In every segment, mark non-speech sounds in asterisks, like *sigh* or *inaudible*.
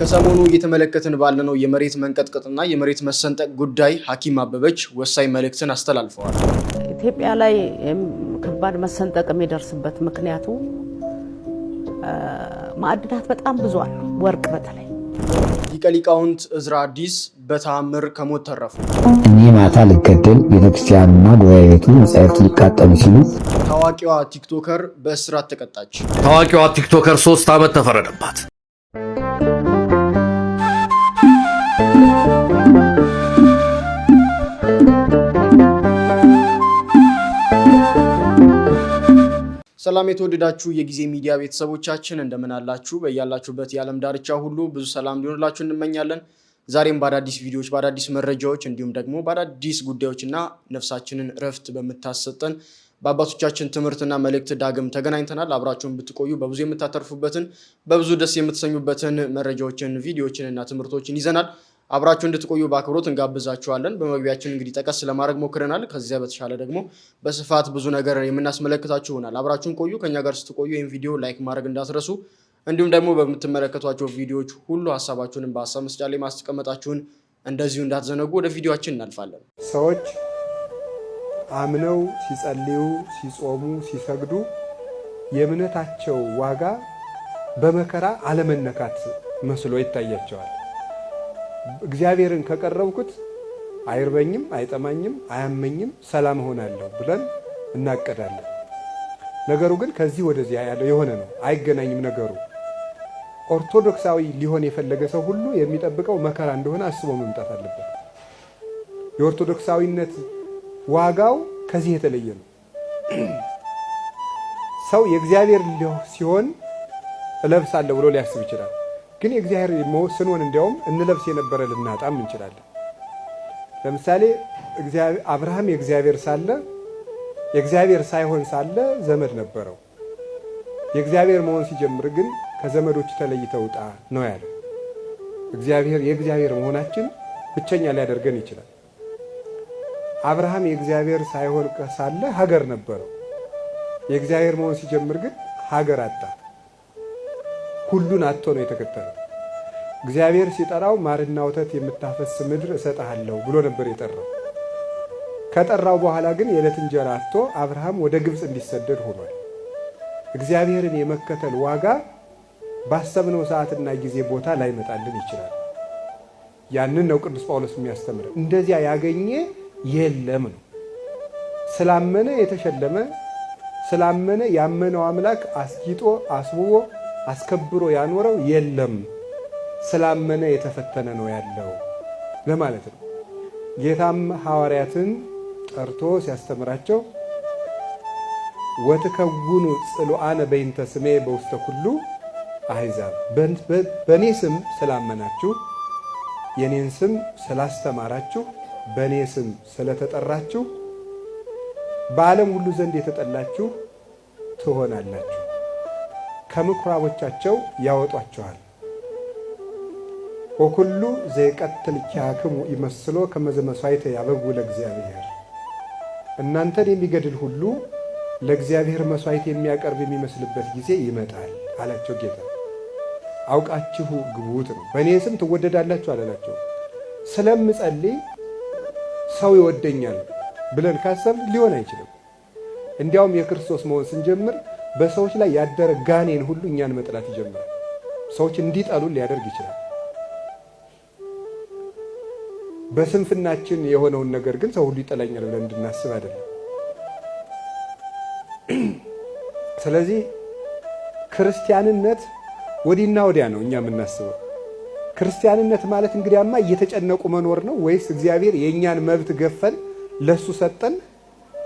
ከሰሞኑ እየተመለከትን ባለነው የመሬት መንቀጥቀጥና የመሬት መሰንጠቅ ጉዳይ ሐኪም አበበች ወሳኝ መልእክትን አስተላልፈዋል። ኢትዮጵያ ላይ ከባድ መሰንጠቅ የሚደርስበት ምክንያቱ ማዕድናት በጣም ብዙ አሉ። ወርቅ በተለይ ሊቀ ሊቃውንት እዝራ አዲስ በተአምር ከሞት ተረፉ። እኔ ማታ ልገደል ቤተክርስቲያንና ጉባኤ ቤቱ መጻሕፍት ሊቃጠሉ ሲሉ ታዋቂዋ ቲክቶከር በእስራት ተቀጣች። ታዋቂዋ ቲክቶከር ሶስት ዓመት ተፈረደባት። ሰላም የተወደዳችሁ የጊዜ ሚዲያ ቤተሰቦቻችን እንደምን አላችሁ? በያላችሁበት የዓለም ዳርቻ ሁሉ ብዙ ሰላም ሊሆንላችሁ እንመኛለን። ዛሬም በአዳዲስ ቪዲዮዎች፣ በአዳዲስ መረጃዎች እንዲሁም ደግሞ በአዳዲስ ጉዳዮች እና ነፍሳችንን እረፍት በምታሰጠን በአባቶቻችን ትምህርትና መልእክት ዳግም ተገናኝተናል። አብራችሁን ብትቆዩ በብዙ የምታተርፉበትን በብዙ ደስ የምትሰኙበትን መረጃዎችን፣ ቪዲዮዎችን እና ትምህርቶችን ይዘናል። አብራችሁ እንድትቆዩ በአክብሮት እንጋብዛችኋለን። በመግቢያችን እንግዲህ ጠቀስ ለማድረግ ሞክረናል። ከዚያ በተሻለ ደግሞ በስፋት ብዙ ነገር የምናስመለክታችሁ ይሆናል። አብራችሁን ቆዩ። ከኛ ጋር ስትቆዩ ይህን ቪዲዮ ላይክ ማድረግ እንዳትረሱ፣ እንዲሁም ደግሞ በምትመለከቷቸው ቪዲዮዎች ሁሉ ሀሳባችሁንም በሀሳብ መስጫ ላይ ማስቀመጣችሁን እንደዚሁ እንዳትዘነጉ። ወደ ቪዲዮችን እናልፋለን። ሰዎች አምነው ሲጸልዩ፣ ሲጾሙ፣ ሲሰግዱ የእምነታቸው ዋጋ በመከራ አለመነካት መስሎ ይታያቸዋል። እግዚአብሔርን ከቀረብኩት አይርበኝም፣ አይጠማኝም፣ አያመኝም፣ ሰላም እሆናለሁ ብለን እናቀዳለን። ነገሩ ግን ከዚህ ወደዚያ ያለው የሆነ ነው፣ አይገናኝም። ነገሩ ኦርቶዶክሳዊ ሊሆን የፈለገ ሰው ሁሉ የሚጠብቀው መከራ እንደሆነ አስቦ መምጣት አለበት። የኦርቶዶክሳዊነት ዋጋው ከዚህ የተለየ ነው። *clears throat* ሰው የእግዚአብሔር ሲሆን እለብሳለሁ ብሎ ሊያስብ ይችላል። ግን የእግዚአብሔር ስንሆን እንዲያውም እንለብስ የነበረ ልናጣም እንችላለን። ለምሳሌ አብርሃም የእግዚአብሔር ሳለ የእግዚአብሔር ሳይሆን ሳለ ዘመድ ነበረው። የእግዚአብሔር መሆን ሲጀምር ግን ከዘመዶች ተለይተህ ውጣ ነው ያለ። እግዚአብሔር የእግዚአብሔር መሆናችን ብቸኛ ሊያደርገን ይችላል። አብርሃም የእግዚአብሔር ሳይሆን ሳለ ሀገር ነበረው። የእግዚአብሔር መሆን ሲጀምር ግን ሀገር አጣ። ሁሉን አጥቶ ነው የተከተለው። እግዚአብሔር ሲጠራው ማርና ወተት የምታፈስ ምድር እሰጥሃለሁ ብሎ ነበር የጠራው። ከጠራው በኋላ ግን የዕለት እንጀራ አጥቶ አብርሃም ወደ ግብፅ እንዲሰደድ ሆኗል። እግዚአብሔርን የመከተል ዋጋ ባሰብነው ሰዓትና ጊዜ ቦታ ላይመጣልን ይችላል። ያንን ነው ቅዱስ ጳውሎስ የሚያስተምረው። እንደዚያ ያገኘ የለም ነው። ስላመነ የተሸለመ ስላመነ ያመነው አምላክ አስጊጦ አስውቦ አስከብሮ ያኖረው የለም። ስላመነ የተፈተነ ነው ያለው ለማለት ነው። ጌታም ሐዋርያትን ጠርቶ ሲያስተምራቸው ወትከውኑ ጽሉአነ በይንተ ስሜ በውስተ ኩሉ አሕዛብ በእኔ ስም ስላመናችሁ የኔን ስም ስላስተማራችሁ በእኔ ስም ስለተጠራችሁ በዓለም ሁሉ ዘንድ የተጠላችሁ ትሆናላችሁ። ከምኩራቦቻቸው ያወጧቸዋል። ወኩሉ ዘይቀትል ኪያክሙ ይመስሎ ከመዘመሷይተ ያበጉ ለእግዚአብሔር እናንተን የሚገድል ሁሉ ለእግዚአብሔር መሥዋዕት የሚያቀርብ የሚመስልበት ጊዜ ይመጣል አላቸው ጌታ። አውቃችሁ ግቡት ነው። በእኔ ስም ትወደዳላችሁ አላላቸው። ስለምጸልይ ሰው ይወደኛል ብለን ካሰብ ሊሆን አይችልም። እንዲያውም የክርስቶስ መሆን ስንጀምር በሰዎች ላይ ያደረ ጋኔን ሁሉ እኛን መጥላት ይጀምራል። ሰዎች እንዲጠሉን ሊያደርግ ይችላል። በስንፍናችን የሆነውን ነገር ግን ሰው ሁሉ ይጠላኛል ብለን እንድናስብ አይደለም። *clears throat* ስለዚህ ክርስቲያንነት ወዲና ወዲያ ነው እኛ የምናስበው። ክርስቲያንነት ማለት እንግዲያማ እየተጨነቁ መኖር ነው ወይስ እግዚአብሔር የእኛን መብት ገፈን ለእሱ ሰጠን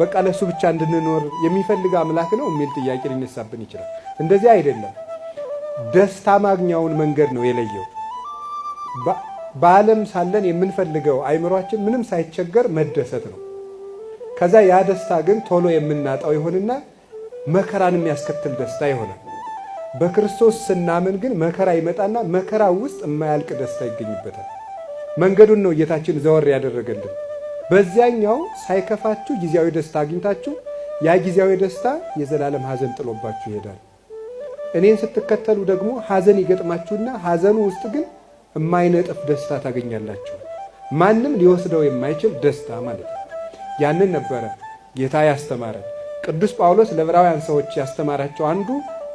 በቃ ለእሱ ብቻ እንድንኖር የሚፈልግ አምላክ ነው የሚል ጥያቄ ሊነሳብን ይችላል። እንደዚህ አይደለም። ደስታ ማግኛውን መንገድ ነው የለየው። በዓለም ሳለን የምንፈልገው አይምሯችን ምንም ሳይቸገር መደሰት ነው። ከዛ ያ ደስታ ግን ቶሎ የምናጣው ይሆንና መከራን የሚያስከትል ደስታ ይሆናል። በክርስቶስ ስናምን ግን መከራ ይመጣና መከራ ውስጥ የማያልቅ ደስታ ይገኝበታል። መንገዱን ነው ጌታችን ዘወር ያደረገልን። በዚያኛው ሳይከፋችሁ ጊዜያዊ ደስታ አግኝታችሁ ያ ጊዜያዊ ደስታ የዘላለም ሐዘን ጥሎባችሁ ይሄዳል። እኔን ስትከተሉ ደግሞ ሐዘን ይገጥማችሁና ሐዘኑ ውስጥ ግን የማይነጥፍ ደስታ ታገኛላችሁ። ማንም ሊወስደው የማይችል ደስታ ማለት ነው። ያንን ነበረ ጌታ ያስተማረ። ቅዱስ ጳውሎስ ለዕብራውያን ሰዎች ያስተማራቸው አንዱ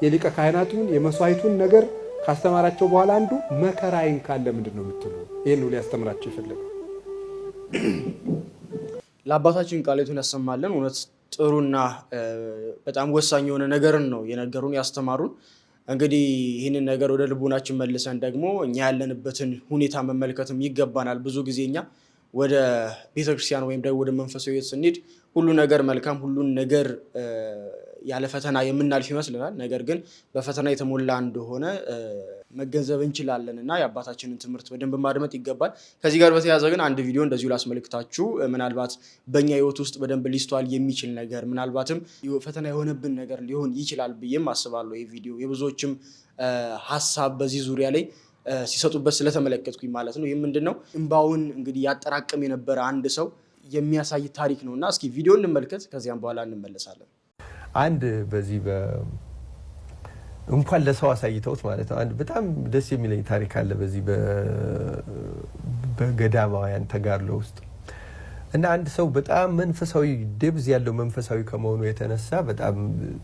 የሊቀ ካህናቱን የመሥዋዕቱን ነገር ካስተማራቸው በኋላ አንዱ መከራዬን ካለ ምንድን ነው የምትሉ ይህን ሊያስተምራቸው ይፈልጋል። ለአባታችን ቃሌቱን ያሰማለን። እውነት ጥሩና በጣም ወሳኝ የሆነ ነገርን ነው የነገሩን ያስተማሩን። እንግዲህ ይህንን ነገር ወደ ልቡናችን መልሰን ደግሞ እኛ ያለንበትን ሁኔታ መመልከትም ይገባናል። ብዙ ጊዜ እኛ ወደ ቤተክርስቲያን ወይም ደግሞ ወደ መንፈሳዊ ሕይወት ስንሄድ ሁሉ ነገር መልካም፣ ሁሉን ነገር ያለ ፈተና የምናልፍ ይመስልናል። ነገር ግን በፈተና የተሞላ እንደሆነ መገንዘብ እንችላለን እና የአባታችንን ትምህርት በደንብ ማድመጥ ይገባል። ከዚህ ጋር በተያያዘ ግን አንድ ቪዲዮ እንደዚሁ ላስመልክታችሁ። ምናልባት በእኛ ህይወት ውስጥ በደንብ ሊስተዋል የሚችል ነገር ምናልባትም ፈተና የሆነብን ነገር ሊሆን ይችላል ብዬም አስባለሁ። ይህ ቪዲዮ የብዙዎችም ሀሳብ በዚህ ዙሪያ ላይ ሲሰጡበት ስለተመለከትኩኝ ማለት ነው። ይህ ምንድን ነው እምባውን እንግዲህ ያጠራቅም የነበረ አንድ ሰው የሚያሳይ ታሪክ ነው እና እስኪ ቪዲዮ እንመልከት። ከዚያም በኋላ እንመለሳለን። አንድ በዚህ እንኳን ለሰው አሳይተውት ማለት ነው። አንድ በጣም ደስ የሚለኝ ታሪክ አለ በዚህ በገዳማውያን ተጋድሎ ውስጥ እና አንድ ሰው በጣም መንፈሳዊ ደብዝ ያለው መንፈሳዊ ከመሆኑ የተነሳ በጣም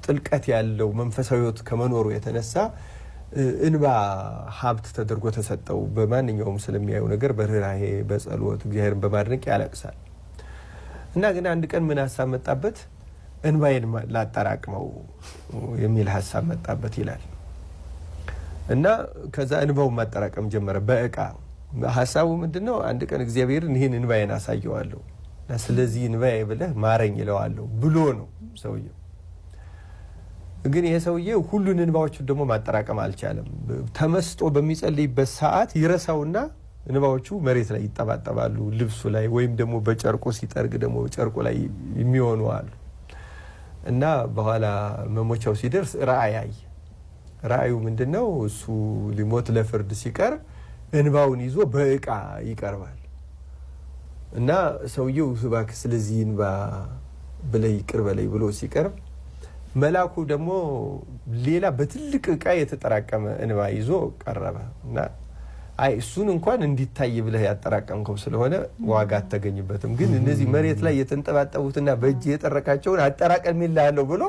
ጥልቀት ያለው መንፈሳዊ ሕይወት ከመኖሩ የተነሳ እንባ ሀብት ተደርጎ ተሰጠው። በማንኛውም ስለሚያየው ነገር በርኅራሄ በጸሎት እግዚአብሔርን በማድነቅ ያለቅሳል እና ግን አንድ ቀን ምን ሀሳብ መጣበት እንባዬን ላጠራቅመው የሚል ሀሳብ መጣበት ይላል እና ከዛ እንባው ማጠራቀም ጀመረ በእቃ ሀሳቡ ምንድን ነው? አንድ ቀን እግዚአብሔርን ይህን እንባዬን አሳየዋለሁ እና ስለዚህ እንባዬ ብለህ ማረኝ ይለዋለሁ ብሎ ነው ሰውየው። ግን ይሄ ሰውዬ ሁሉን እንባዎቹን ደግሞ ማጠራቀም አልቻለም። ተመስጦ በሚጸልይበት ሰዓት ይረሳውና እንባዎቹ መሬት ላይ ይጠባጠባሉ፣ ልብሱ ላይ ወይም ደግሞ በጨርቁ ሲጠርግ ደግሞ ጨርቁ ላይ የሚሆኑ አሉ። እና በኋላ መሞቻው ሲደርስ ራእይ አየ። ራእዩ ምንድን ነው? እሱ ሊሞት ለፍርድ ሲቀርብ እንባውን ይዞ በእቃ ይቀርባል። እና ሰውየው እባክህ ስለዚህ እንባ ብለህ ይቅር በለኝ ብሎ ሲቀርብ መልአኩ ደግሞ ሌላ በትልቅ እቃ የተጠራቀመ እንባ ይዞ ቀረበ እና አይ እሱን እንኳን እንዲታይ ብለህ ያጠራቀምከው ስለሆነ ዋጋ አታገኝበትም። ግን እነዚህ መሬት ላይ የተንጠባጠቡትና በእጅ የጠረቃቸውን አጠራቀምልሃለሁ ብሎ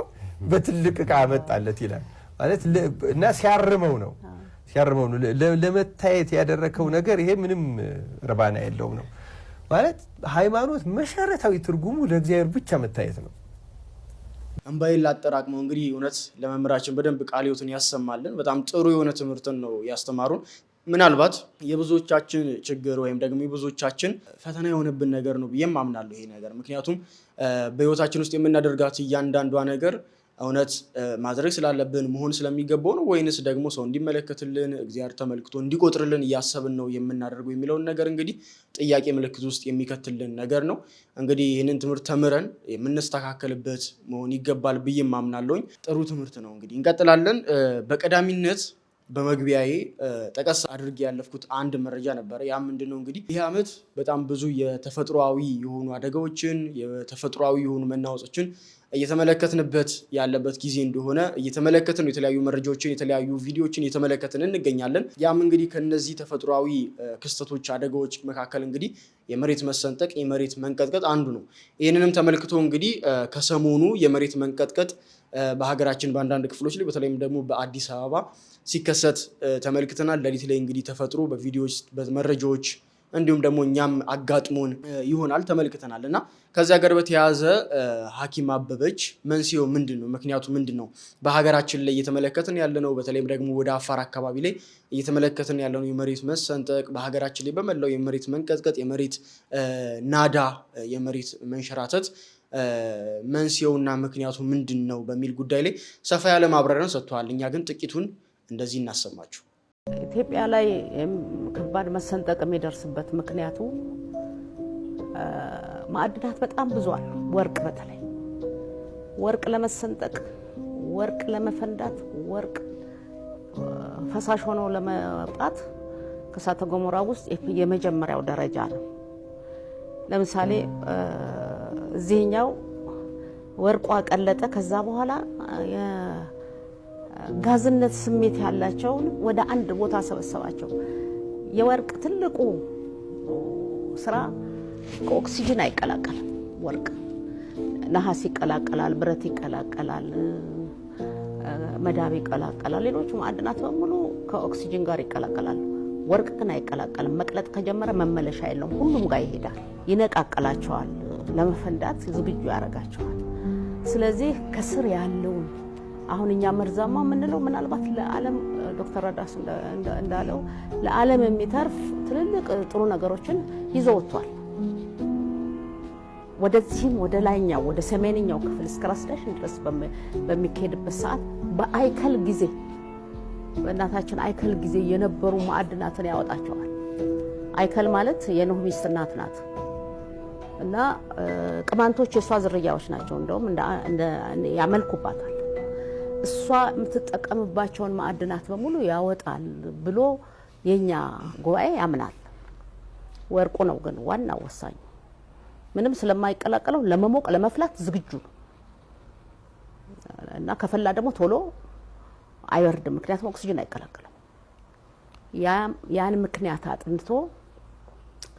በትልቅ እቃ አመጣለት ይላል ማለት እና ሲያርመው ነው ሲያርመው ነው ለመታየት ያደረከው ነገር ይሄ ምንም እርባና የለውም ነው ማለት። ሃይማኖት መሰረታዊ ትርጉሙ ለእግዚአብሔር ብቻ መታየት ነው። እንባይን ላጠራቅመው እንግዲህ እውነት ለመምህራችን በደንብ ቃልዮትን ያሰማልን። በጣም ጥሩ የሆነ ትምህርትን ነው ያስተማሩን። ምናልባት የብዙዎቻችን ችግር ወይም ደግሞ የብዙዎቻችን ፈተና የሆነብን ነገር ነው ብዬም አምናለሁ ይሄ ነገር። ምክንያቱም በህይወታችን ውስጥ የምናደርጋት እያንዳንዷ ነገር እውነት ማድረግ ስላለብን መሆን ስለሚገባው ነው ወይንስ ደግሞ ሰው እንዲመለከትልን እግዚአብሔር ተመልክቶ እንዲቆጥርልን እያሰብን ነው የምናደርገው የሚለውን ነገር እንግዲህ ጥያቄ ምልክት ውስጥ የሚከትልን ነገር ነው። እንግዲህ ይህንን ትምህርት ተምረን የምንስተካከልበት መሆን ይገባል ብዬም ማምናለሁኝ። ጥሩ ትምህርት ነው። እንግዲህ እንቀጥላለን በቀዳሚነት በመግቢያዬ ጠቀስ አድርጌ ያለፍኩት አንድ መረጃ ነበረ። ያ ምንድን ነው እንግዲህ ይህ ዓመት በጣም ብዙ የተፈጥሯዊ የሆኑ አደጋዎችን የተፈጥሯዊ የሆኑ መናወጾችን እየተመለከትንበት ያለበት ጊዜ እንደሆነ እየተመለከትን ነው። የተለያዩ መረጃዎችን የተለያዩ ቪዲዮዎችን እየተመለከትን እንገኛለን። ያም እንግዲህ ከነዚህ ተፈጥሯዊ ክስተቶች አደጋዎች መካከል እንግዲህ የመሬት መሰንጠቅ፣ የመሬት መንቀጥቀጥ አንዱ ነው። ይህንንም ተመልክቶ እንግዲህ ከሰሞኑ የመሬት መንቀጥቀጥ በሀገራችን በአንዳንድ ክፍሎች ላይ በተለይም ደግሞ በአዲስ አበባ ሲከሰት ተመልክተናል። ሌሊት ላይ እንግዲህ ተፈጥሮ በቪዲዮዎች በመረጃዎች እንዲሁም ደግሞ እኛም አጋጥሞን ይሆናል ተመልክተናል። እና ከዚያ ጋር በተያያዘ ሐኪም አበበች መንስኤው ምንድን ነው? ምክንያቱ ምንድን ነው? በሀገራችን ላይ እየተመለከትን ያለነው በተለይም ደግሞ ወደ አፋር አካባቢ ላይ እየተመለከትን ያለነው የመሬት መሰንጠቅ በሀገራችን ላይ በመላው የመሬት መንቀጥቀጥ፣ የመሬት ናዳ፣ የመሬት መንሸራተት መንስኤውና ምክንያቱ ምንድን ነው በሚል ጉዳይ ላይ ሰፋ ያለ ማብራሪያን ሰጥተዋል። እኛ ግን ጥቂቱን እንደዚህ እናሰማችሁ። ኢትዮጵያ ላይ ከባድ መሰንጠቅ የሚደርስበት ምክንያቱ ማዕድናት በጣም ብዙ አሉ። ወርቅ በተለይ ወርቅ ለመሰንጠቅ፣ ወርቅ ለመፈንዳት፣ ወርቅ ፈሳሽ ሆኖ ለመውጣት ከእሳተ ገሞራ ውስጥ የመጀመሪያው ደረጃ ነው። ለምሳሌ እዚህኛው ወርቋ ቀለጠ። ከዛ በኋላ ጋዝነት ስሜት ያላቸውን ወደ አንድ ቦታ ሰበሰባቸው። የወርቅ ትልቁ ስራ ከኦክሲጅን አይቀላቀልም። ወርቅ ነሐስ ይቀላቀላል፣ ብረት ይቀላቀላል፣ መዳብ ይቀላቀላል። ሌሎች ማዕድናት በሙሉ ከኦክሲጅን ጋር ይቀላቀላሉ። ወርቅ ግን አይቀላቀልም። መቅለጥ ከጀመረ መመለሻ የለውም። ሁሉም ጋር ይሄዳል፣ ይነቃቀላቸዋል፣ ለመፈንዳት ዝግጁ ያደርጋቸዋል። ስለዚህ ከስር ያለውን አሁን እኛ መርዛማ የምንለው ምናልባት ለዓለም ዶክተር ረዳስ እንዳለው ለዓለም የሚተርፍ ትልልቅ ጥሩ ነገሮችን ይዞ ወጥቷል። ወደዚህም ወደ ላይኛው ወደ ሰሜንኛው ክፍል እስከ ራስ ዳሽን ድረስ በሚካሄድበት ሰዓት በአይከል ጊዜ በእናታችን አይከል ጊዜ የነበሩ ማዕድናትን ያወጣቸዋል። አይከል ማለት የኖህ ሚስት እናት ናት እና ቅማንቶች የእሷ ዝርያዎች ናቸው። እንደውም ያመልኩባታል እሷ የምትጠቀምባቸውን ማዕድናት በሙሉ ያወጣል ብሎ የኛ ጉባኤ ያምናል። ወርቁ ነው ግን ዋና ወሳኝ። ምንም ስለማይቀላቀለው ለመሞቅ ለመፍላት ዝግጁ ነው እና ከፈላ ደግሞ ቶሎ አይወርድም፣ ምክንያቱም ኦክሲጅን አይቀላቀለው። ያን ምክንያት አጥንቶ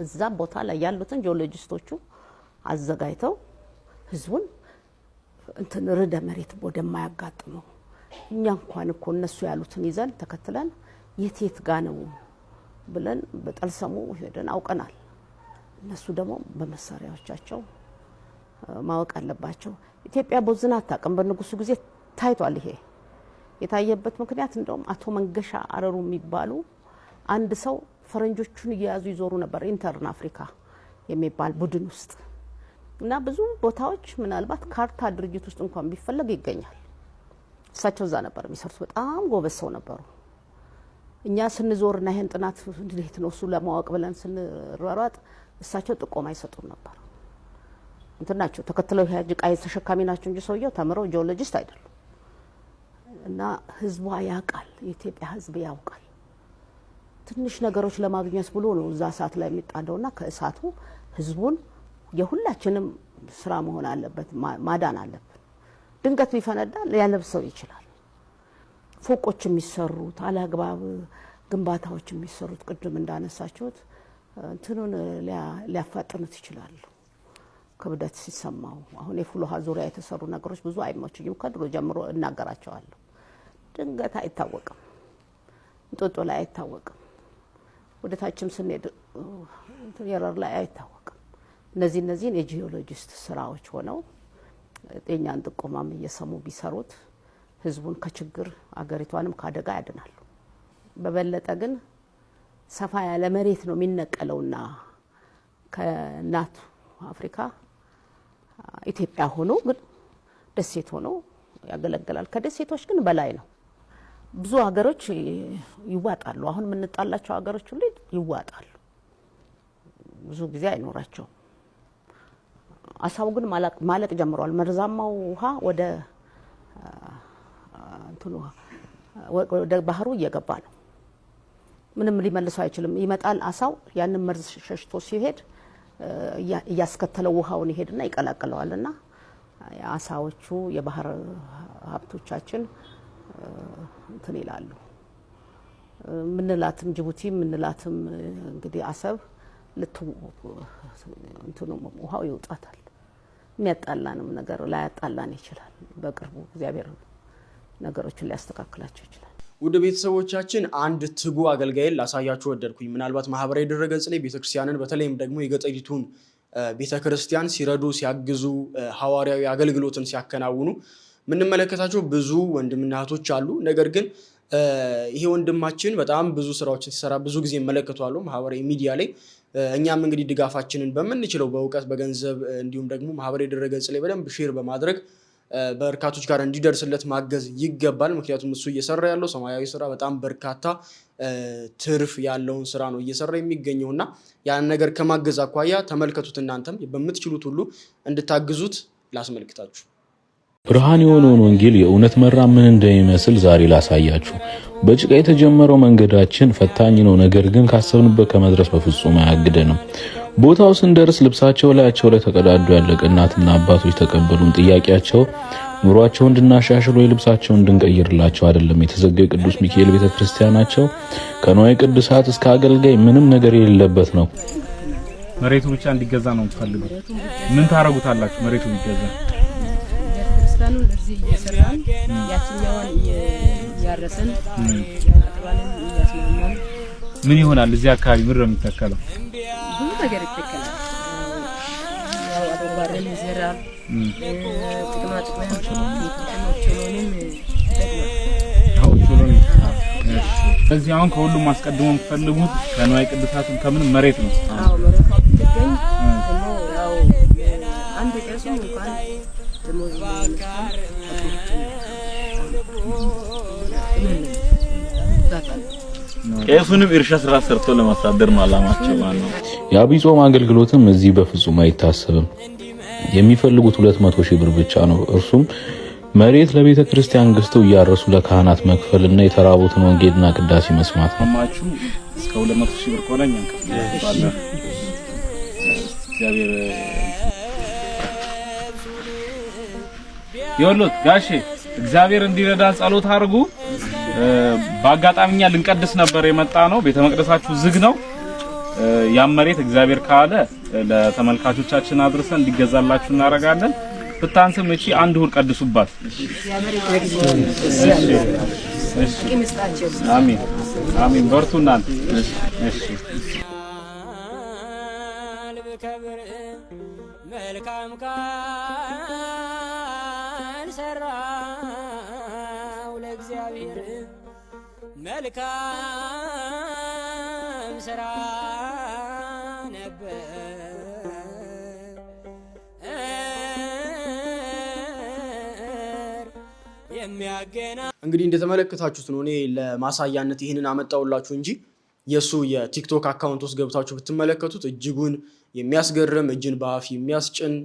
እዛ ቦታ ላይ ያሉትን ጂኦሎጂስቶቹ አዘጋጅተው ህዝቡን እንትን ርደ መሬት ወደማያጋጥመው እኛ እንኳን እኮ እነሱ ያሉትን ይዘን ተከትለን የት የት ጋ ነው ብለን በጠልሰሙ ሄደን አውቀናል። እነሱ ደግሞ በመሳሪያዎቻቸው ማወቅ አለባቸው። ኢትዮጵያ ቦዝና አታውቅም። በንጉሱ ጊዜ ታይቷል። ይሄ የታየበት ምክንያት እንደውም አቶ መንገሻ አረሩ የሚባሉ አንድ ሰው ፈረንጆቹን እየያዙ ይዞሩ ነበር ኢንተርን አፍሪካ የሚባል ቡድን ውስጥ እና ብዙ ቦታዎች ምናልባት ካርታ ድርጅት ውስጥ እንኳን ቢፈለግ ይገኛል። እሳቸው እዛ ነበር የሚሰሩት። በጣም ጎበዝ ሰው ነበሩ። እኛ ስንዞር እና ይህን ጥናት እንዴት ነው እሱ ለማወቅ ብለን ስንሯሯጥ እሳቸው ጥቆማ አይሰጡም ነበር። እንትን ናቸው ተከትለው ያጅ ቃይ ተሸካሚ ናቸው እንጂ ሰውየው ተምረው ጂኦሎጂስት አይደሉም። እና ህዝቧ ያውቃል፣ የኢትዮጵያ ህዝብ ያውቃል። ትንሽ ነገሮች ለማግኘት ብሎ ነው እዛ እሳት ላይ የሚጣደውና ከእሳቱ ህዝቡን የሁላችንም ስራ መሆን አለበት፣ ማዳን አለበት። ድንገት ሊፈነዳ ሊያለብሰው ይችላል። ፎቆች የሚሰሩት አለግባብ ግንባታዎች የሚሰሩት ቅድም እንዳነሳችሁት እንትኑን ሊያፋጥኑት ይችላሉ። ክብደት ሲሰማው አሁን የፍሎሃ ዙሪያ የተሰሩ ነገሮች ብዙ አይመችኝም። ከድሮ ጀምሮ እናገራቸዋለሁ። ድንገት አይታወቅም፣ እንጦጦ ላይ አይታወቅም፣ ወደ ታችም ስንሄድ የረር ላይ አይታወቅም። እነዚህ እነዚህን የጂኦሎጂስት ስራዎች ሆነው የእኛን ጥቆማም እየሰሙ ቢሰሩት ህዝቡን ከችግር አገሪቷንም ከአደጋ ያድናሉ። በበለጠ ግን ሰፋ ያለ መሬት ነው የሚነቀለውና ከእናቱ አፍሪካ ኢትዮጵያ ሆኖ ግን ደሴት ሆኖ ያገለግላል። ከደሴቶች ግን በላይ ነው። ብዙ ሀገሮች ይዋጣሉ። አሁን የምንጣላቸው ሀገሮች ሁሉ ይዋጣሉ። ብዙ ጊዜ አይኖራቸውም። አሳቡ ግን ማለቅ ጀምሯል። መርዛማው ውሃ ወደ እንትኑ ወደ ባህሩ እየገባ ነው። ምንም ሊመልሰው አይችልም። ይመጣል አሳው ያንን መርዝ ሸሽቶ ሲሄድ እያስከተለው ውሃውን ይሄድና ይቀላቅለዋል። እና አሳዎቹ የባህር ሀብቶቻችን እንትን ይላሉ። ምንላትም ጅቡቲ ምንላትም እንግዲህ አሰብ ልት እንትኑ ውሃው ይውጣታል። የሚያጣላንም ነገር ላያጣላን ይችላል። በቅርቡ እግዚአብሔር ነገሮችን ሊያስተካክላቸው ይችላል። ውድ ቤተሰቦቻችን አንድ ትጉ አገልጋይን ላሳያችሁ ወደድኩኝ። ምናልባት ማህበራዊ ድረገጽ ላይ ቤተክርስቲያንን በተለይም ደግሞ የገጠሪቱን ቤተክርስቲያን ሲረዱ ሲያግዙ፣ ሐዋርያዊ አገልግሎትን ሲያከናውኑ የምንመለከታቸው ብዙ ወንድምና እህቶች አሉ። ነገር ግን ይሄ ወንድማችን በጣም ብዙ ስራዎችን ሲሰራ ብዙ ጊዜ እመለከተዋለሁ ማህበራዊ ሚዲያ ላይ እኛም እንግዲህ ድጋፋችንን በምንችለው በእውቀት በገንዘብ እንዲሁም ደግሞ ማህበራዊ ድረገጽ ላይ በደንብ ሼር በማድረግ በርካቶች ጋር እንዲደርስለት ማገዝ ይገባል። ምክንያቱም እሱ እየሰራ ያለው ሰማያዊ ስራ በጣም በርካታ ትርፍ ያለውን ስራ ነው እየሰራ የሚገኘው እና ያን ነገር ከማገዝ አኳያ ተመልከቱት። እናንተም በምትችሉት ሁሉ እንድታግዙት ላስመልክታችሁ። ብርሃን የሆነውን ወንጌል የእውነት መራ ምን እንደሚመስል ዛሬ ላሳያችሁ። በጭቃ የተጀመረው መንገዳችን ፈታኝ ነው፣ ነገር ግን ካሰብንበት ከመድረስ በፍጹም አያግደንም። ቦታው ስንደርስ ልብሳቸው ላያቸው ላይ ተቀዳዶ ያለቀ እናትና አባቶች ተቀበሉን። ጥያቄያቸው ኑሯቸው እንድናሻሽል ወይ ልብሳቸው እንድንቀይርላቸው አይደለም። የተዘጋ ቅዱስ ሚካኤል ቤተክርስቲያናቸው ክርስቲያናቸው ከንዋየ ቅድሳት እስከ አገልጋይ ምንም ነገር የሌለበት ነው። መሬቱ ብቻ እንዲገዛ ነው የምትፈልገው? ምን ታረጉታላችሁ? መሬቱ ይገዛ እያረስን ምን ይሆናል? እዚህ አካባቢ ምን ነው የሚተከለው? ብዙ ነገር ይተከላል። እዚህ አሁን ከሁሉም አስቀድሞ የምትፈልጉት ከንዋይ ቅዱሳትን ከምንም መሬት ነው። አንድ ቄሱንም እርሻ ስራ ሰርቶ ለማሳደር ማላማቸው ነው። የአብይ ጾም አገልግሎትም እዚህ በፍጹም አይታሰብም። የሚፈልጉት 200 መቶ ሺህ ብር ብቻ ነው። እርሱም መሬት ለቤተ ክርስቲያን ገዝተው እያረሱ ለካህናት መክፈልና የተራቡትን ወንጌልና ቅዳሴ መስማት ነው። የወሎት ጋሼ እግዚአብሔር እንዲረዳ ጸሎት አድርጉ። በአጋጣሚኛ ልንቀድስ ነበር የመጣ ነው። ቤተ መቅደሳችሁ ዝግ ነው። ያም መሬት እግዚአብሔር ካለ ለተመልካቾቻችን አድርሰን እንዲገዛላችሁ እናደርጋለን። ብታንስም እቺ አንድ ሁር ቀድሱባት። አሜን አሜን። በርቱ እናንተ። እሺ መልካም መልካም ስራ ነበር የሚያገና እንግዲህ እንደተመለከታችሁት ነው። እኔ ለማሳያነት ይህንን አመጣውላችሁ እንጂ የእሱ የቲክቶክ አካውንት ውስጥ ገብታችሁ ብትመለከቱት እጅጉን የሚያስገርም እጅን በአፍ የሚያስጭን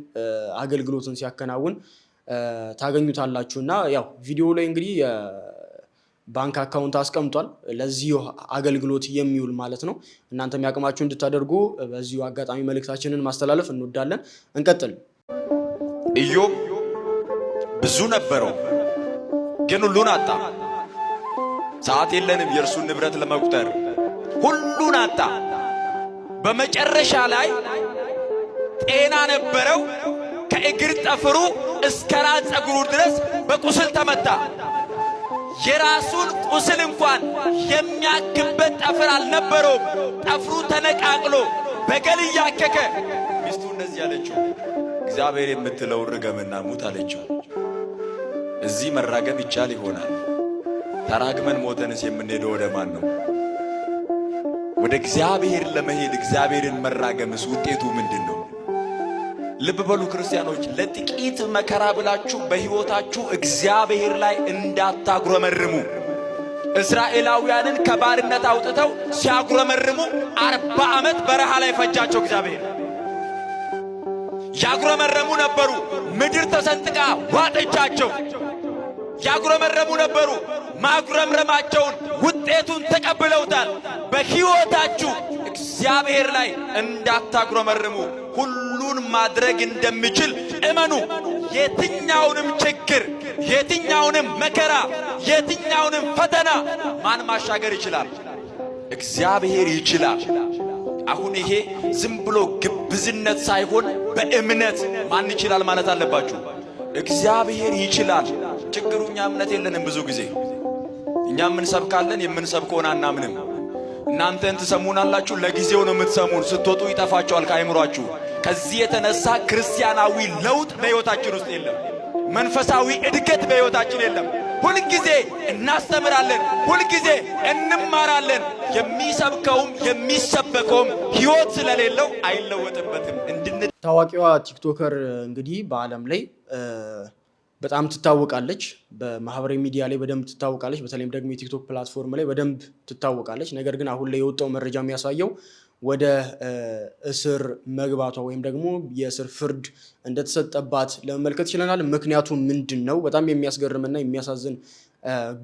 አገልግሎትን ሲያከናውን ታገኙታላችሁ እና ያው ቪዲዮ ላይ እንግዲህ ባንክ አካውንት አስቀምጧል ለዚሁ አገልግሎት የሚውል ማለት ነው። እናንተም ያቅማችሁ እንድታደርጉ በዚሁ አጋጣሚ መልእክታችንን ማስተላለፍ እንወዳለን። እንቀጥል። ኢዮብ ብዙ ነበረው፣ ግን ሁሉን አጣ። ሰዓት የለንም የእርሱን ንብረት ለመቁጠር። ሁሉን አጣ። በመጨረሻ ላይ ጤና ነበረው፣ ከእግር ጠፍሩ እስከ ራስ ጸጉሩ ድረስ በቁስል ተመታ። የራሱን ቁስል እንኳን የሚያክበት ጠፍር አልነበረውም። ጠፍሩ ተነቃቅሎ በገል እያከከ ሚስቱ እንደዚህ ያለችው እግዚአብሔር የምትለው ርገምና ሙት አለችው። እዚህ መራገም ይቻል ይሆናል። ተራግመን ሞተንስ የምንሄደው ወደ ማን ነው? ወደ እግዚአብሔር ለመሄድ እግዚአብሔርን መራገምስ ውጤቱ ምንድን ነው? ልብ በሉ ክርስቲያኖች፣ ለጥቂት መከራ ብላችሁ በሕይወታችሁ እግዚአብሔር ላይ እንዳታጉረመርሙ። እስራኤላውያንን ከባርነት አውጥተው ሲያጉረመርሙ አርባ ዓመት በረሃ ላይ ፈጃቸው እግዚአብሔር። ያጉረመረሙ ነበሩ፣ ምድር ተሰንጥቃ ዋጠቻቸው። ያጉረመረሙ ነበሩ። ማጉረምረማቸውን ውጤቱን ተቀብለውታል። በሕይወታችሁ እግዚአብሔር ላይ እንዳታጉረመርሙ። ሁሉን ማድረግ እንደሚችል እመኑ። የትኛውንም ችግር፣ የትኛውንም መከራ፣ የትኛውንም ፈተና ማን ማሻገር ይችላል? እግዚአብሔር ይችላል። አሁን ይሄ ዝም ብሎ ግብዝነት ሳይሆን በእምነት ማን ይችላል ማለት አለባችሁ። እግዚአብሔር ይችላል። ችግሩ እኛ እምነት የለንም። ብዙ ጊዜ እኛ የምንሰብካለን፣ የምንሰብከውን አናምንም። እናንተን ትሰሙናላችሁ። ለጊዜው ነው የምትሰሙን፣ ስትወጡ ይጠፋቸዋል ከአይምሯችሁ። ከዚህ የተነሳ ክርስቲያናዊ ለውጥ በሕይወታችን ውስጥ የለም። መንፈሳዊ እድገት በሕይወታችን የለም። ሁልጊዜ እናስተምራለን፣ ሁልጊዜ እንማራለን። የሚሰብከውም የሚሰበከውም ሕይወት ስለሌለው አይለወጥበትም። እንድን ታዋቂዋ ቲክቶከር እንግዲህ በዓለም ላይ በጣም ትታወቃለች። በማህበራዊ ሚዲያ ላይ በደንብ ትታወቃለች። በተለይም ደግሞ የቲክቶክ ፕላትፎርም ላይ በደንብ ትታወቃለች። ነገር ግን አሁን ላይ የወጣው መረጃ የሚያሳየው ወደ እስር መግባቷ ወይም ደግሞ የእስር ፍርድ እንደተሰጠባት ለመመልከት ችለናል። ምክንያቱ ምንድን ነው? በጣም የሚያስገርምና የሚያሳዝን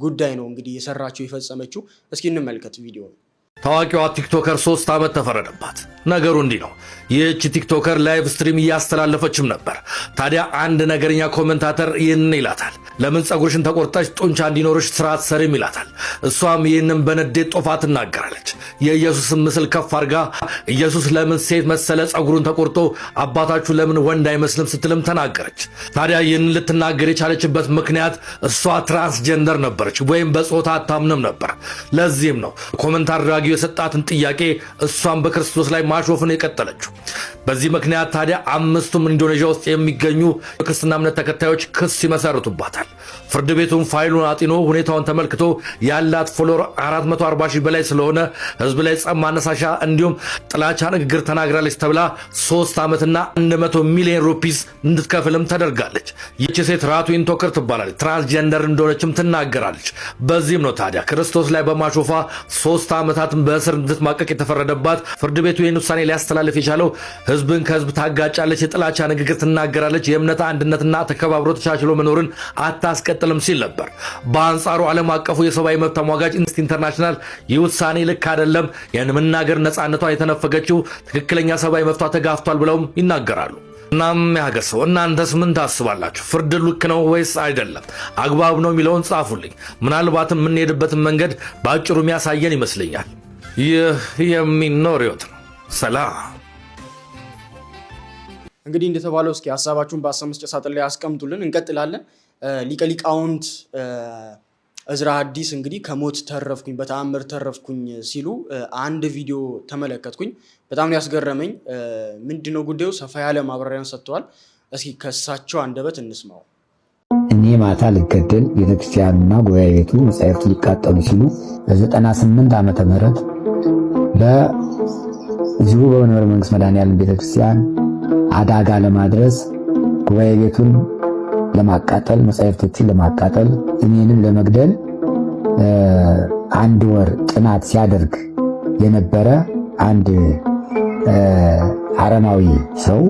ጉዳይ ነው። እንግዲህ የሰራችው የፈጸመችው፣ እስኪ እንመልከት ቪዲዮ ነው። ታዋቂዋ ቲክቶከር ሶስት ዓመት ተፈረደባት። ነገሩ እንዲህ ነው። ይህች ቲክቶከር ላይቭ ስትሪም እያስተላለፈችም ነበር። ታዲያ አንድ ነገርኛ ኮመንታተር ይህንን ይላታል። ለምን ጸጉርሽን ተቆርጠሽ ጡንቻ እንዲኖርሽ ስርዓት ሰሪም ይላታል። እሷም ይህንን በንዴት ጦፋ ትናገራለች። የኢየሱስን ምስል ከፍ አድርጋ ኢየሱስ ለምን ሴት መሰለ ጸጉሩን ተቆርጦ አባታችሁ ለምን ወንድ አይመስልም ስትልም ተናገረች። ታዲያ ይህንን ልትናገር የቻለችበት ምክንያት እሷ ትራንስጀንደር ነበረች ወይም በጾታ አታምንም ነበር። ለዚህም ነው ኮመንታር አድራጊ ወላጊው የሰጣትን ጥያቄ እሷን በክርስቶስ ላይ ማሾፍን የቀጠለችው። በዚህ ምክንያት ታዲያ አምስቱም ኢንዶኔዥያ ውስጥ የሚገኙ የክርስትና እምነት ተከታዮች ክስ ይመሰርቱባታል። ፍርድ ቤቱም ፋይሉን አጢኖ ሁኔታውን ተመልክቶ ያላት ፎሎር 440 ሺህ በላይ ስለሆነ ህዝብ ላይ ጸብ ማነሳሻ እንዲሁም ጥላቻ ንግግር ተናግራለች ተብላ ሶስት ዓመትና 100 ሚሊዮን ሩፒስ እንድትከፍልም ተደርጋለች። ይቺ ሴት ራቱ ኢንቶክር ትባላለች። ትራንስጀንደር እንደሆነችም ትናገራለች። በዚህም ነው ታዲያ ክርስቶስ ላይ በማሾፋ ሶስት ዓመታትን በእስር እንድትማቀቅ የተፈረደባት። ፍርድ ቤቱ ይህን ውሳኔ ሊያስተላልፍ የቻለው ህዝብን ከህዝብ ታጋጫለች፣ የጥላቻ ንግግር ትናገራለች፣ የእምነት አንድነትና ተከባብሮ ተቻችሎ መኖርን አታ አያስቀጥልም ሲል ነበር። በአንጻሩ ዓለም አቀፉ የሰብአዊ መብት ተሟጋጅ አምነስቲ ኢንተርናሽናል ይህ ውሳኔ ልክ አይደለም፣ የመናገር ነፃነቷ የተነፈገችው ትክክለኛ ሰብአዊ መብቷ ተጋፍቷል ብለውም ይናገራሉ። እናም ያገሰው እናንተስ ምን ታስባላችሁ? ፍርድ ልክ ነው ወይስ አይደለም? አግባብ ነው የሚለውን ጻፉልኝ። ምናልባትም የምንሄድበትን መንገድ በአጭሩ የሚያሳየን ይመስለኛል። ይህ የሚኖር ህይወት ነው። ሰላም እንግዲህ እንደተባለው እስኪ ሀሳባችሁን በሀሳብ መስጫ ሳጥን ላይ አስቀምጡልን። እንቀጥላለን። ሊቀሊቃውንት እዝራ አዲስ እንግዲህ ከሞት ተረፍኩኝ በተአምር ተረፍኩኝ ሲሉ አንድ ቪዲዮ ተመለከትኩኝ። በጣም ያስገረመኝ ምንድነው ጉዳዩ? ሰፋ ያለ ማብራሪያን ሰጥተዋል። እስኪ ከሳቸው አንደበት እንስማው። እኔ ማታ ልገደል ቤተክርስቲያንና ጉባኤ ቤቱ መጻሕፍቱ ሊቃጠሉ ሲሉ በ98 ዓመተ ምህረት በዚሁ በመንበረ መንግስት መድኃኔዓለም ቤተክርስቲያን አደጋ ለማድረስ ጉባኤ ቤቱን ለማቃጠል መጻሕፍቶችን ለማቃጠል እኔንም ለመግደል አንድ ወር ጥናት ሲያደርግ የነበረ አንድ አረማዊ ሰው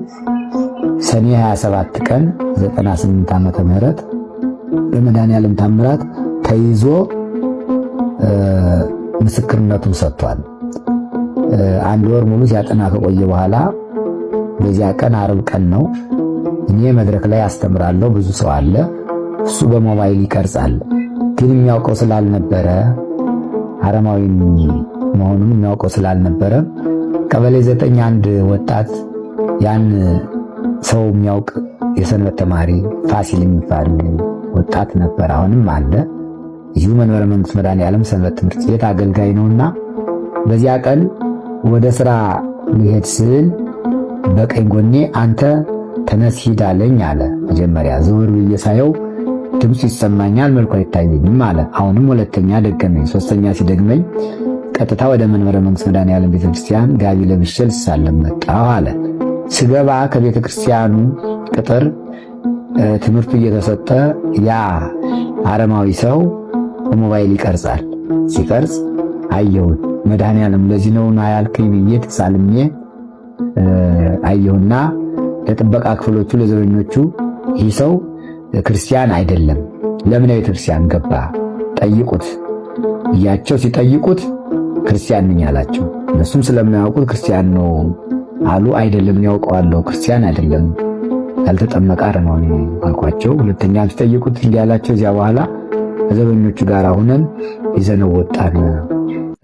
ሰኔ 27 ቀን 98 ዓመተ ምህረት በመድኃኔዓለም ታምራት ተይዞ ምስክርነቱን ሰጥቷል። አንድ ወር ሙሉ ሲያጠና ከቆየ በኋላ በዚያ ቀን አርብ ቀን ነው እኔ መድረክ ላይ አስተምራለሁ፣ ብዙ ሰው አለ፣ እሱ በሞባይል ይቀርጻል። ግን የሚያውቀው ስላልነበረ አረማዊ መሆኑን የሚያውቀው ስላልነበረ ቀበሌ ዘጠኝ አንድ ወጣት ያን ሰው የሚያውቅ የሰንበት ተማሪ ፋሲል የሚባል ወጣት ነበር፣ አሁንም አለ። ይህ መንበረ መንግስት መድኃኔዓለም ሰንበት ትምህርት ቤት አገልጋይ ነውና በዚያ ቀን ወደ ስራ ሊሄድ ስል በቀኝ ጎኔ አንተ ተነስ ሂድ አለኝ አለ። መጀመሪያ ዘወር ብዬ ሳየው ድምፁ ይሰማኛል፣ መልኩ አይታየኝም አለ። አሁንም ሁለተኛ ደገመኝ። ሶስተኛ ሲደግመኝ ቀጥታ ወደ መንበረ መንግስት መድኃኔዓለም ክርስቲያን ጋቢ ለብሼ ልሳለም መጣሁ አለ። ስገባ ከቤተ ክርስቲያኑ ቅጥር ትምህርቱ እየተሰጠ ያ አረማዊ ሰው በሞባይል ይቀርጻል። ሲቀርጽ አየሁት። መድኃኔዓለም ለዚህ ነው ና ያልከኝ ብዬ ተሳልሜ አየሁና ለጥበቃ ክፍሎቹ ለዘበኞቹ ይህ ሰው ክርስቲያን አይደለም፣ ለምን ቤተ ክርስቲያን ገባ? ጠይቁት እያቸው ሲጠይቁት ክርስቲያን ነኝ አላቸው። እነሱም ስለማያውቁት ክርስቲያን ነው አሉ። አይደለም ያውቀዋለሁ፣ ክርስቲያን አይደለም ያልተጠመቀ አረማዊ አልኳቸው። ሁለተኛም ሲጠይቁት እንዲህ አላቸው። እዚያ በኋላ ከዘበኞቹ ጋር ሁነን ይዘነው ወጣነ።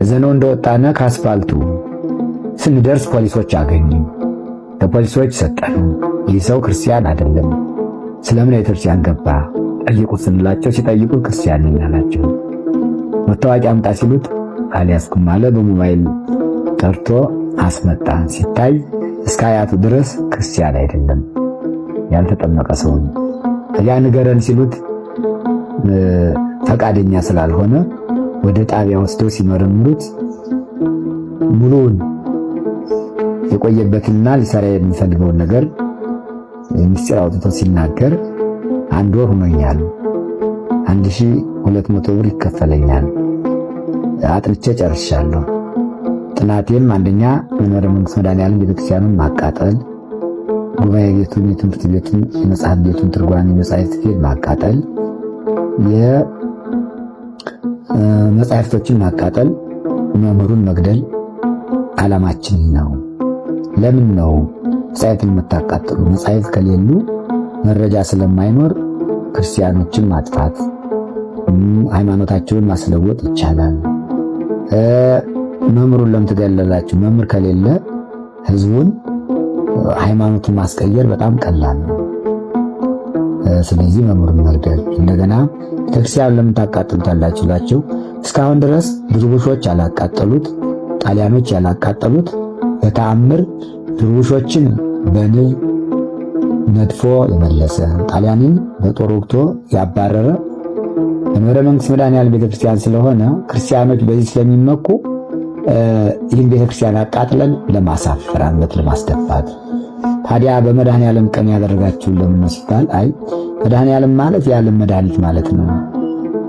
ይዘነው እንደወጣነ ከአስፋልቱ ስንደርስ ፖሊሶች አገኙ። ለፖሊሶች ሰጠ። ይህ ሰው ክርስቲያን አይደለም፣ ስለምን ቤተክርስቲያን ገባ ጠይቁት ስንላቸው ሲጠይቁ ክርስቲያን አላቸው። መታወቂያ አምጣ ሲሉት አልያዝኩም አለ። በሞባይል ጠርቶ አስመጣ። ሲታይ እስከ አያቱ ድረስ ክርስቲያን አይደለም፣ ያልተጠመቀ ሰው ነው። ንገረን ሲሉት ፈቃደኛ ስላልሆነ ወደ ጣቢያ ወስደው ሲመረምሩት ሙሉውን የቆየበትና ሊሰራ የሚፈልገውን ነገር ምስጢር አውጥቶ ሲናገር አንድ ወር ሆኖኛል፣ አንድ መቶ ብር ይከፈለኛል፣ አጥንቼ ጨርሻለሁ። ጥናቴም አንደኛ መንበረ መንግስት መድኃኔዓለም ቤተክርስቲያኑን ማቃጠል፣ ጉባኤ ቤቱን፣ የትምህርት ቤቱን፣ የመጽሐፍ ቤቱን ትርጓሚ መጻሕፍት ቤት ማቃጠል፣ የመጻሕፍቶችን ማቃጠል፣ መምህሩን መግደል ዓላማችን ነው። ለምን ነው መጻሕፍትን የምታቃጥሉ? መጻሕፍት ከሌሉ መረጃ ስለማይኖር ክርስቲያኖችን ማጥፋት፣ ሃይማኖታቸውን ማስለወጥ ይቻላል። መምህሩን ለምን ትገለላችሁ? መምህር ከሌለ ህዝቡን ሃይማኖቱን ማስቀየር በጣም ቀላል ነው። ስለዚህ መምህሩን መግደል። እንደገና ቤተክርስቲያን ለምን ታቃጥሉታላችሁ? እስካሁን ድረስ ድርቡሾች ያላቃጠሉት ጣሊያኖች ያላቃጠሉት በተአምር ድሩሾችን በንብ ነድፎ የመለሰ ጣሊያንን በጦር ወግቶ ያባረረ መንበረ መንግስት መድኃኔዓለም ቤተክርስቲያን ስለሆነ ክርስቲያኖች በዚህ ስለሚመኩ ይህን ቤተክርስቲያን አቃጥለን ለማሳፈር አንገት ለማስደፋት ታዲያ በመድኃኔዓለም ቀን ያደረጋችሁን ለምን ነው ሲባል፣ አይ መድኃኔዓለም ማለት የዓለም መድኃኒት ማለት ነው።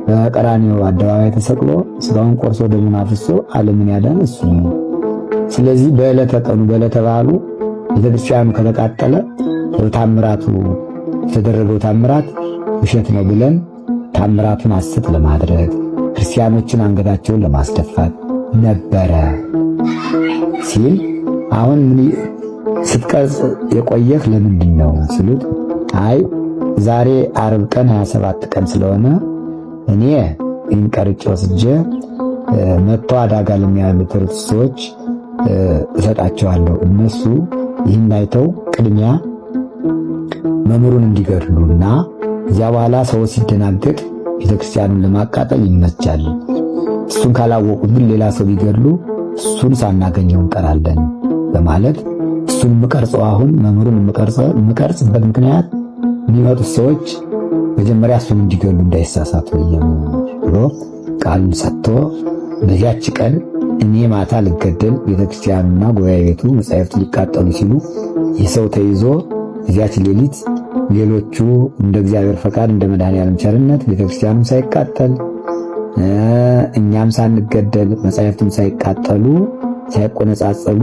በቀራኒው አደባባይ ተሰቅሎ ስጋውን ቆርሶ ደሙን አፍሶ ዓለምን ያዳነ እሱ ነው። ስለዚህ በዕለተ ቀኑ በዕለተ በዓሉ ቤተክርስቲያኑ ከተቃጠለ ታምራቱ የተደረገው ታምራት ውሸት ነው ብለን ታምራቱን ሐሰት ለማድረግ ክርስቲያኖችን አንገታቸውን ለማስደፋት ነበረ ሲል አሁን ምን ስትቀርጽ የቆየህ ለምንድን ነው ስሉት፣ አይ ዛሬ አርብ ቀን 27 ቀን ስለሆነ እኔ ይህን ቀርጬ ወስጄ መጥተው አደጋ ለሚያደርሱት ሰዎች እሰጣቸዋለሁ። እነሱ ይህን አይተው ቅድሚያ መምህሩን እንዲገድሉና እዚያ በኋላ ሰው ሲደናገጥ ቤተክርስቲያኑን ለማቃጠል ይመቻል። እሱን ካላወቁ ግን ሌላ ሰው ቢገድሉ እሱን ሳናገኘው እንቀራለን በማለት እሱን የምቀርጸው አሁን መምህሩን የምቀርጽበት ምክንያት የሚመጡት ሰዎች መጀመሪያ እሱን እንዲገሉ እንዳይሳሳቱ ብሎ ቃሉን ሰጥቶ በዚያች ቀን እኔ ማታ ልገደል ቤተክርስቲያኑና ጉባኤ ቤቱ መጻሕፍቱ ሊቃጠሉ ሲሉ ይህ ሰው ተይዞ እዚያች ሌሊት ሌሎቹ እንደ እግዚአብሔር ፈቃድ እንደ መድኃኔዓለም ቸርነት ቤተክርስቲያኑም ሳይቃጠል እኛም ሳንገደል መጻሕፍቱም ሳይቃጠሉ ሳይቆነጻጸሉ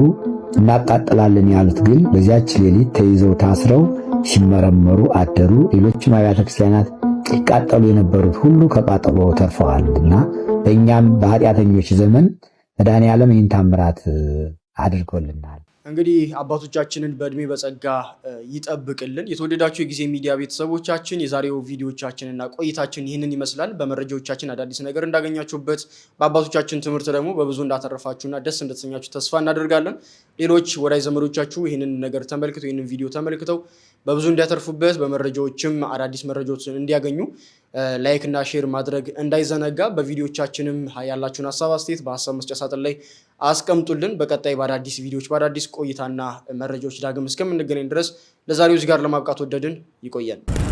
እናቃጥላለን ያሉት ግን በዚያች ሌሊት ተይዘው ታስረው ሲመረመሩ አደሩ። ሌሎችም አብያተ ክርስቲያናት ሊቃጠሉ የነበሩት ሁሉ ከቃጠሎ ተርፈዋልና በእኛም በኃጢአተኞች ዘመን መድኃኔ ዓለም ይህን ታምራት አድርጎልናል። እንግዲህ አባቶቻችንን በእድሜ በጸጋ ይጠብቅልን። የተወደዳቸው የጊዜ ሚዲያ ቤተሰቦቻችን የዛሬው ቪዲዮቻችንና ቆይታችን ይህንን ይመስላል። በመረጃዎቻችን አዳዲስ ነገር እንዳገኛችሁበት፣ በአባቶቻችን ትምህርት ደግሞ በብዙ እንዳተረፋችሁና ደስ እንደተሰኛችሁ ተስፋ እናደርጋለን። ሌሎች ወዳጅ ዘመዶቻችሁ ይህንን ነገር ተመልክተው ይህንን ቪዲዮ ተመልክተው በብዙ እንዲያተርፉበት በመረጃዎችም አዳዲስ መረጃዎችን እንዲያገኙ ላይክ እና ሼር ማድረግ እንዳይዘነጋ። በቪዲዮቻችንም ያላችሁን ሀሳብ አስተያየት በሀሳብ መስጫ ሳጥን ላይ አስቀምጡልን። በቀጣይ በአዳዲስ ቪዲዮዎች በአዳዲስ ቆይታና መረጃዎች ዳግም እስከምንገናኝ ድረስ ለዛሬው እዚህ ጋር ለማብቃት ወደድን። ይቆያል።